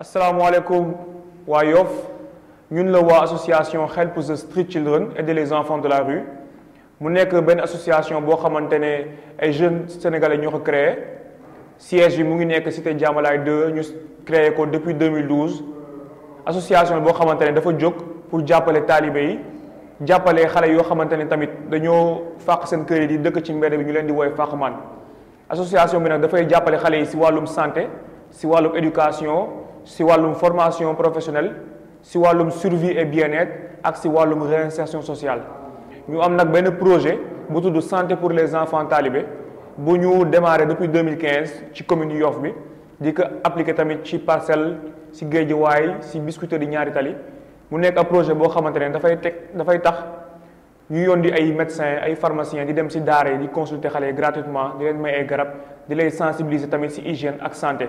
Assalamu waa Yoff ñun la waa association Help the Street Children aider les enfants de la rue mu nekk Ben association boo xamante les ay jeunes sénégalais ñoo ko siège bi mu ngi nekk cité Diamalaye 2 ñu créé ko depuis 2012 association boo xamante ne dafa jóg pour jàppale taalibe yi jàppale xale yoo xamante ne tamit dañoo fàq seen kër yi di dëkk ci mbedd bi ñu leen di woy fàqman association bi nag dafay jàppale les yi si Walum santé si Walum éducation si une formation professionnelle si la survie et bien-être ak si walum réinsertion sociale Nous avons un projet bu santé pour les enfants talibés nous avons démarré depuis 2015 ci commune Yoff bi di ko appliqué tamit ci parcelles, si Guédiawaye si Biscuiterie di ñaari tali mu nek projet boo da fay da fay tax ñu yondi ay médecins ay pharmaciens di dem ci daara consulter gratuitement di les may ay garab di lay sensibiliser tamit l'hygiène, hygiène ak santé.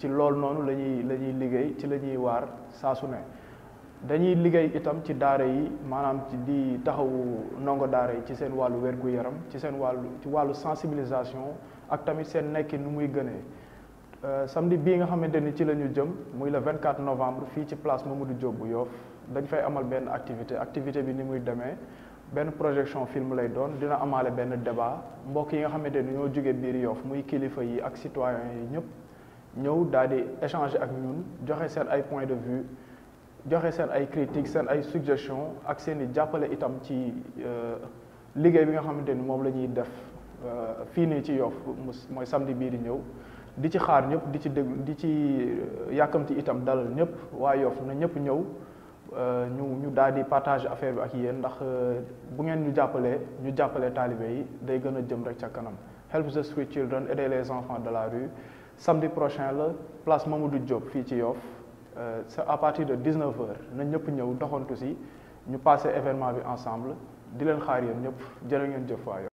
ci loolu noonu la ñuy la ñuy liggéey ci la ñuy waar saa su ne dañuy liggéey itam ci daara yi maanaam ci di taxawu nongo daara yi ci seen wàllu wér yaram ci seen wàllu ci wàllu sensibilisation ak tamit seen nekk nu muy gënee euh, samedi bii nga xamante ni ci la ñu jëm muy le 24 novembre fii ci place Mamadou Diop bu Yoff dañ fay amal benn activité activité bi ni muy demee benn projection film lay doon dina amaale benn débat mbokk yi nga xamante ni ñoo jóge biir Yoff muy kilifa ak citoyen yi ñëpp ñëw daal di échanger ak ñun joxe seen ay point de vue joxe seen ay critiques seen ay suggestions ak seen i jàppale itam ci euh, liggéey bi nga xamante ni moom la ñuy def euh, fii nii ci yof mooy samedi bii di ñëw di ci xaar ñëpp di ci déglu di ci euh, yàkkamti itam dalal ñëpp waa yof na ñëpp ñëw ñu ñu daal di partage affaire bi ak yéen ndax bu ngeen ñu jàppalee ñu jàppalee taalibe yi day gën a jëm rek ca kanam help the street children aider les enfants de la rue samedi prochain là, place Mamadou Diop fii ci Yoff euh, c'est à partir de 19h Nous ñëpp ñëw doxantu ñu passé événement bi ensemble di leen xaar yéen ñëpp jërë ngeen jëf